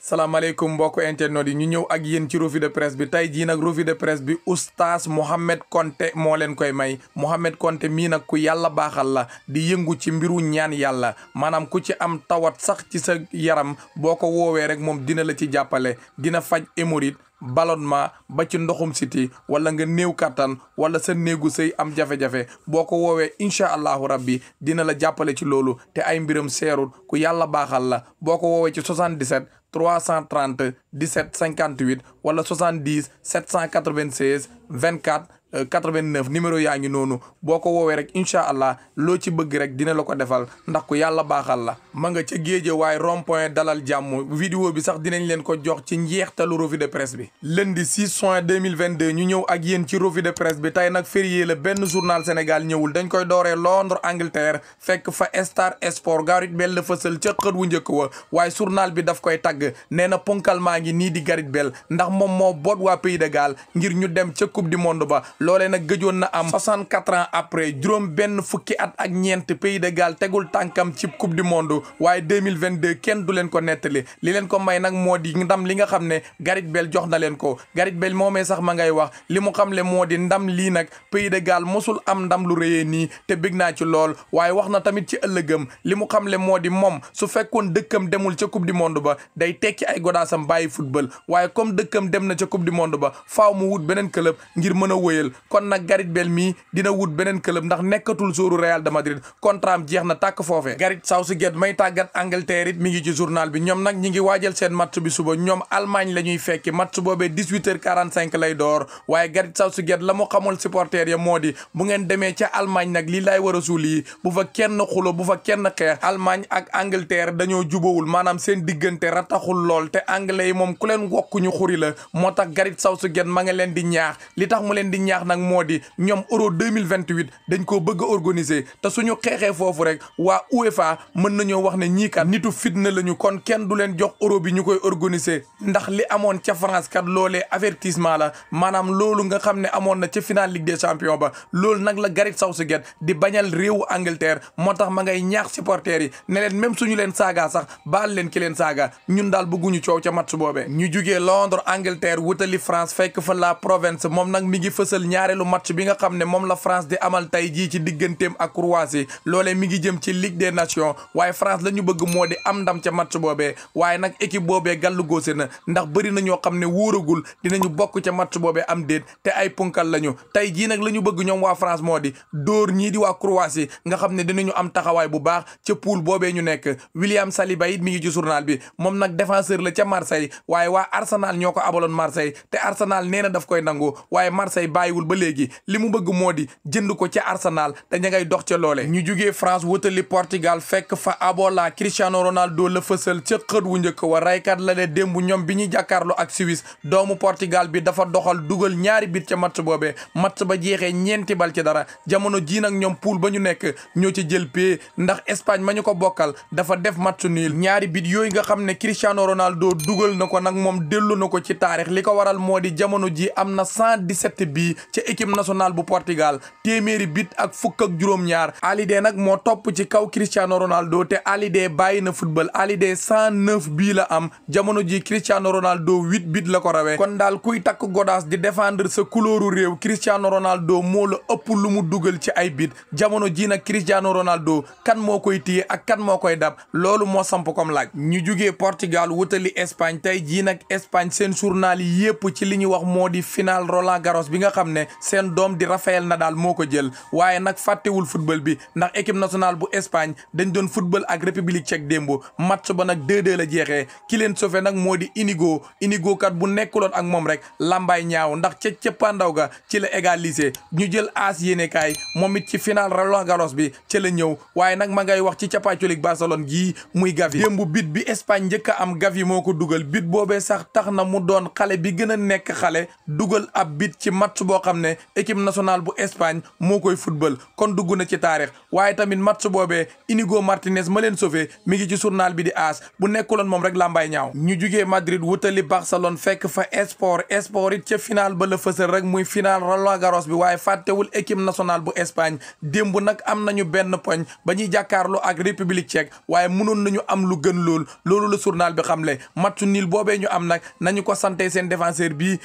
salaamaaleykum mbokk internet yi ñu ñëw ak yéen ci revue de presse bi tey jii nag revue de presse bi oustaz Mohamed Konté moo leen koy may Mohamed Konté mii nag ku yàlla baaxal la di yëngu ci mbiru ñaan yàlla maanaam ku ci am tawat sax ci sa yaram boo ko woowee rek moom dina la ci jàppale dina faj hémorroïde ballonnement ba ci ndoxum siti wala nga néew kattan wala sa néegu sëy am jafe-jafe boo ko woowee incha allahu rabbi dina la jàppale ci loolu te ay mbiram seerut ku yàlla baaxal la boo ko woowee ci 77 330 17 58 wala 70 796 24 89 numéro yaa ngi noonu boo ko woowee rek incha allah loo ci bëgg rek dina la ko defal ndax ku yàlla baaxal la ma nga ca géeje waaye rond dalal jàmm vidéo bi sax dinañ leen ko jox ci njeextalu revue de presse bi lundi 6 juin 2022 ñu ñëw ak yéen ci revue de presse bi tey nag férié la benn journal Sénégal ñëwul dañ koy dooree Londres Angleterre fekk fa Star Sport Gareth Bale la fësal ca xët wu njëkk wa waaye journal bi daf koy tagg nee na ponkal maa ngi nii di Gareth Bale ndax moom moo boot waa Pays de Galles ngir ñu dem ca coupe du monde ba loolee nag gëjoon na am 64 ans après juróom benn fukki at ak ñeent pays de Galles tegul tànkam ci coupe du monde waaye mille vingt 2022 kenn du leen ko nettali li leen ko may nag moo di ndam li nga xam ne Gareth Bale jox na leen ko Gareth Bale moomee sax ma ngay wax li mu xam le moo di ndam lii nag pays de Galles mosul am ndam lu rëyee nii te bég naa ci lool waaye wax na tamit ci ëllëgam li mu xam le moo di moom su fekkoon dëkkam demul ca coupe du monde ba day tekki ay godaasam bàyyi football waaye comme dëkkam dem na ca coupe du monde ba faaw mu wut beneen club mën a wëyal Bale kon nag Gareth Bale mii dina wut beneen club ndax nekkatul sóoru Real de Madrid contrat jeex na tàkk foofee Gareth Southgate may tàggat Angleterre it mi ngi ci journal bi ñoom nag ñi ngi waajal seen match bi suba ñoom Allemagne la ñuy fekki match boobee 18h45 lay door waaye Gareth Southgate la mu xamul supporter ya moo di bu ngeen demee ca Allemagne nag li laay war a suul yi bu fa kenn xulo bu fa kenn xeex Allemagne ak Angleterre dañoo jubawul maanaam seen diggante rataxul lool te anglais yi moom ku leen wokkuñu xuri la moo tax Gareth Southgate ma nga leen di ñaax neex nag moo di ñoom euro 2028 dañ koo bëgg a organiser te suñu xeexee foofu rek waa UEFA mën nañoo wax ne ñii kat nitu fitna lañu kon kenn du leen jox euro bi ñu koy organiser ndax li amoon ca France kat loole avertissement la maanaam loolu nga xam ne amoon na ca finale Ligue des champions ba loolu nag la Gareth Southgate di bañal réew Angleterre moo tax ma ngay ñaax supporters yi ne leen même suñu leen saaga sax baal leen ki leen saaga ñun daal bëgguñu coow ca match boobee ñu jugee Londres ñaareelu match bi nga xam ne moom la France di amal tey jii ci digganteem a Croatie loolee mi ngi jëm ci Ligue des Nations waaye France la ñu bëgg moo di am ndam ca match boobee waaye nag équipe boobee gàllu góose na ndax bëri na ñoo xam ne wóoragul ñu bokk ca match boobee am déet te ay punkal lañu tey jii nag la ñu bëgg ñoom waa France moo di dóor ñii di waa Croatie nga xam ne dinañu am taxawaay bu baax ca poule boobee ñu nekk William Saliba it mi ngi ci journal bi moom nag défenseur la ca Marseille waaye waa Arsenal ñoo ko abaloon Marseille te Arsenal nee na daf koy nangu wàññeewul ba léegi li mu bëgg moo di jënd ko ca Arsenal te ña ngay dox ca loole ñu jugee France wutali Portugal fekk fa Abola Cristiano Ronaldo la fësal ca xët wu njëkk wa raykat la ne démb ñoom bi ñuy jàkkaarloo ak Suisse doomu Portugal bi dafa doxal dugal ñaari bit ca match boobee match ba jeexee ñeenti bal ci dara jamono jii nag ñoom poule ba ñu nekk ñoo ci jël pee ndax Espagne ma ñu ko bokkal dafa def match nul ñaari bit yooyu nga xam ne Cristiano Ronaldo dugal na ko nag moom dellu na ko ci li ko waral moo di jamono ji am na ci équipe nationale bu Portugal téeméeri bit ak fukk ak juróom-ñaar Alidé nag moo topp ci kaw Cristiano Ronaldo te Alidé bàyyi na football Alidé cent neuf bii la am jamono ji Cristiano Ronaldo huit bit la ko rawee kon daal kuy takk godaas di défendre sa couleur réew Cristiano Ronaldo moo la ëpp lu mu dugal ci ay bit jamono ji nag Cristiano Ronaldo kan moo koy téye ak kan moo koy dab loolu moo samp comme laaj ñu jugee Portugal wutali Espagne tey jii nag Espagne seen journal yi yépp ci li ñu wax moo di final Roland bi nga xam ne seen doom di Rafael Nadal moo ko jël waaye nag fàttewul football bi ndax équipe nationale bu Espagne dañ doon football ak République Tchèque démb match ba nag 2-2 la jeexee ki leen sauvé nag moo di Inigo Inigo kat bu nekkuloon ak moom rek lambay ñaaw ndax ca cëppaandaw ga ci la égalisé ñu jël aas yéene kaay moom it ci final Roland Garros bi ca la ñëw waaye nag ma ngay wax ci capaacolik Barcelone gii muy Gavi démb bit bi Espagne njëkk a am Gavi moo ko dugal bit boobee sax tax na a boo xam ne équipe nationale bu Espagne moo koy football kon dugg na ci taarix waaye tamit match boobe Inigo Martinez ma leen sauvé mi ngi ci journal bi di aas bu nekkuloon moom rek làmbaay ñaaw ñu jugee Madrid wutali Barcelone fekk fa Esport Esport it ca final ba la rek muy final Roland Garros bi waaye fàttewul équipe national bu Espagne démb nag am nañu benn poñ ba ñuy jàkkaarloo ak République Tchèque waaye mënoon nañu am lu gën lool loolu la journal bi xamle match nil boobee ñu am nag nañu ko sante seen défenseur bi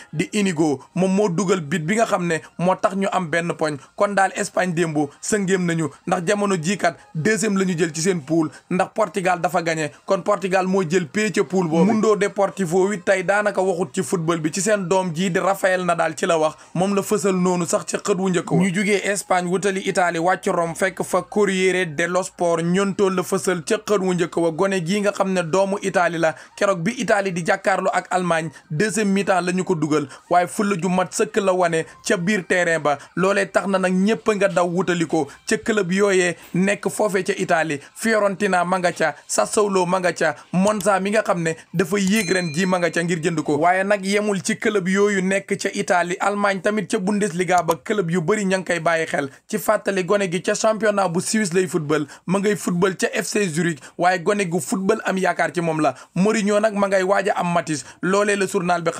nga xam ne moo tax ñu am benn poñ kon daal Espagne démb sëngéem nañu ndax jamono jiikat deuxième la ñu jël ci seen poule ndax Portugal dafa gagné kon Portugal moo jël pee ca poule boobu Mundo Deportivo wi tey daanaka waxut ci football bi ci seen doom jii di Rafael daal ci la wax moom la fësal noonu sax ci xët wu njëkk ñu jugee Espagne wutali itali wàcc Rome fekk fa Corriere dello Sport ñontool la fësal ca xët wu njëkk wa gone gii nga xam ne doomu itali la keroog bi Italie di jàkkaarloo ak Allemagne deuxième mi la ñu ko dugal waaye fulla ju mat sëkk la wane ca biir terrain ba loole tax na nag ñëpp nga daw wutali ko ca club yooyee nekk foofe ca Italie Fiorentina ma nga ca Sassuolo ma nga ca Monza mi nga xam ne dafa yéeg ren jii ma nga ca ngir jënd ko waaye nag yemul ci club yooyu nekk ca itali Allemagne tamit ca Bundesliga ba club yu bëri ña ngi koy bàyyi xel ci fàttali gone gi ca championnat bu Suisse lay football ma ngay football ca FC Zurich waaye gone gu football am yaakaar ci moom la Mourinho nag ma ngay waaja a am Matisse loolee la journal bi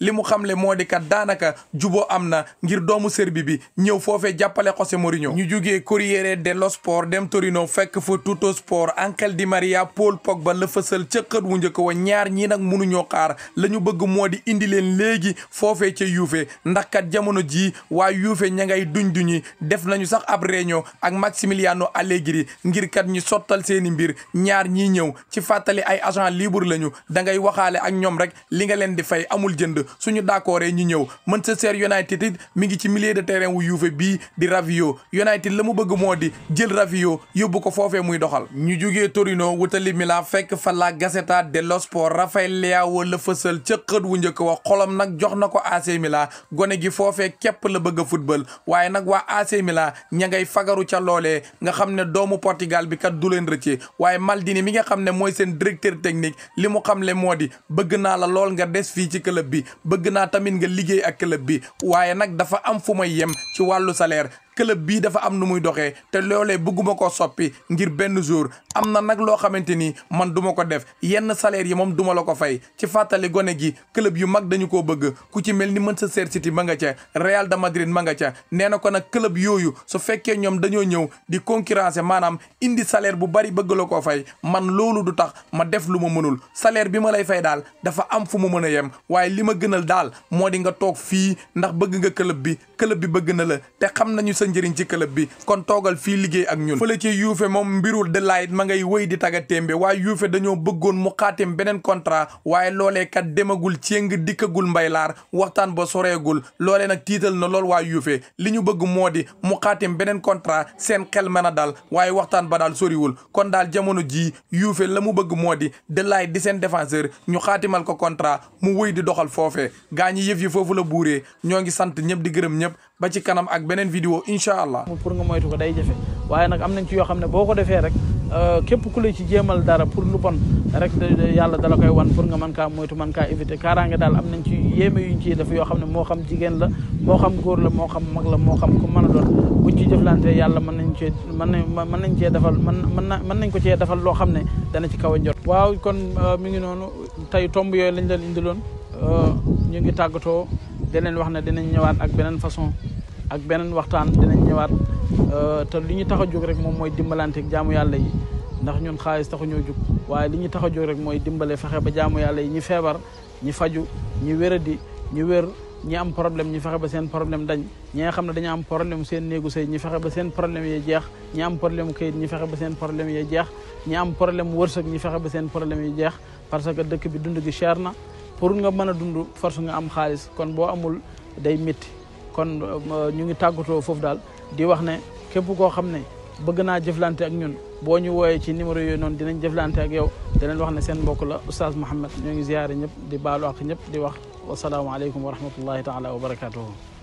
li mu xamle moo di daanaka juboo am na na ngir doomu Serbi bi ñëw foofee jàppale José Mourinho ñu jugee Corriere dello Sport dem Torino fekk fa Tuttosport Ángel Di Maria Paul Pogba la fësal ca xët wu njëkk wa ñaar ñi nag mënuñoo xaar la ñu bëgg moo di indi leen léegi foofee ci Juve ndax kat jamono jii waa Juve ña ngay duñ duñi def nañu sax ab réunion ak Maximiliano Allegri ngir kat ñu sottal seeni mbir ñaar ñi ñëw ci fàttali ay agent libre lañu da waxaale ak ñoom rek li nga leen di fay Madrid mi ngi ci milieu de terrain wu Juve bii di Rabiot United la mu bëgg moo di jël Rabiot yóbbu ko foofe muy doxal ñu jugee Torino wutali Milan fekk fa la Gazzetta dello Sport Rafael Leao la fësal ca xët wu njëkk wax xolam nag jox na ko AC Milan gone gi foofee képp la bëgg a football waaye nag waa AC Milan ña ngay fagaru ca loole nga xam ne doomu Portugal bi kat du leen rëcce waaye Maldini mi nga xam ne mooy seen directeur technique li mu xamle moo di bëgg naa la lool nga des fii ci club bi bëgg naa tamit ak bi nag dafa am fu may yem ci wàllu salaire club bii dafa am nu muy doxee te loolee bëgguma koo soppi ngir benn jour am na nag loo xamante ni man duma ko def yenn salaire yi moom duma la ko fay ci fàttali gone gi club yu mag dañu koo bëgg ku ci mel ni mën sa City ma nga ca Real de Madrid ma nga ca nee na ko na club yooyu su fekkee ñoom dañoo ñëw di concurrencer maanaam indi salaire bu bari bëgg la koo fay man loolu du tax ma def lu ma mënul salaire bi ma lay fay daal dafa am fu mu mën a yem waaye li ma gënal daal moo di nga toog fii ndax bëgg nga club bi club bi bëgg na la sa njëriñ ci club bi kon toogal fii liggéey ak ñun fële ci yuufe moom mbirul de laayit ma ngay wëy di taga témbe waaye yuufe dañoo bëggoon mu xaatim beneen contrat waaye loole kat demagul céng dikkagul mbaylaar waxtaan ba soreegul loole nag tiital na lool waa yuufe li ñu bëgg moo di mu xaatim beneen contrat seen xel mën a dal waaye waxtaan ba daal soriwul kon daal jamono jii yuufe la mu bëgg moo di de di seen defenseur ñu xaatimal ko contrat mu wëy di doxal foofe gaa ñi yëf la buuree ñoo ngi sant ñëpp di gërëm ñëpp ba ci kanam ak beneen vidéo incha allah. pour nga moytu ko day jafe waaye nag am nañ ci yoo xam ne boo ko defee rek euh, képp ku la ci jéemal dara pour lu bon rek yàlla dala koy wan pour nga mën kaa moytu mën kaa éviter kaaraange daal am nañ ci yéeme yuñ ciy def yoo xam ne moo xam jigéen la moo xam góor la moo xam mag la moo xam ku mën a doon buñ ci jëflante yàlla mën nañ cee mën nañ mën nañ cee defal mën mën na mën nañ ko cee defal loo xam ne dana ci kaw a njot waaw kon euh, mi ngi noonu tey tomb yooyu lañ leen indiloon euh, ñu ngi tàggatoo deneen wax ne dinañ ñëwaat ak beneen façon ak beneen waxtaan dinañ ñëwaat euh, te li ñu tax a jóg rek moom mooy dimbalante ak yàlla ndax ñun xaalis taxuñoo jóg waaye li ñu tax a jóg rek mooy dimbale fexe ba jaamu yàlla yi ñi feebar ñi faju ñi wéradi ñi wér ñi am problème ñi fexe ba seen problème dañ ñi nga xam ne dañu am problème seen néegu sëy ñi fexe ba seen problème yee jeex ñi am problème kayit ñi fexe ba seen problème yee jeex ñi am problème wërsëg ñi fexe ba seen problème yi jeex parce que dëkk bi dund gi cher na pour nga mën a dund force nga am xaalis kon boo amul day métti kon euh, ñu ngi tàggatoo foofu daal di wax ne képp koo xam ne bëgg naa jëflante ak ñun boo ñu wooyee ci numéro yooyu noonu dinañ jëflante ak yow dinañ wax ne seen mbokk la oustaz Mouhamed ñoo ngi ziyaare ñëpp di baalu ak ñëpp di wax wasalaamaaleykum wa rahmatullahi taala wa barakatuhu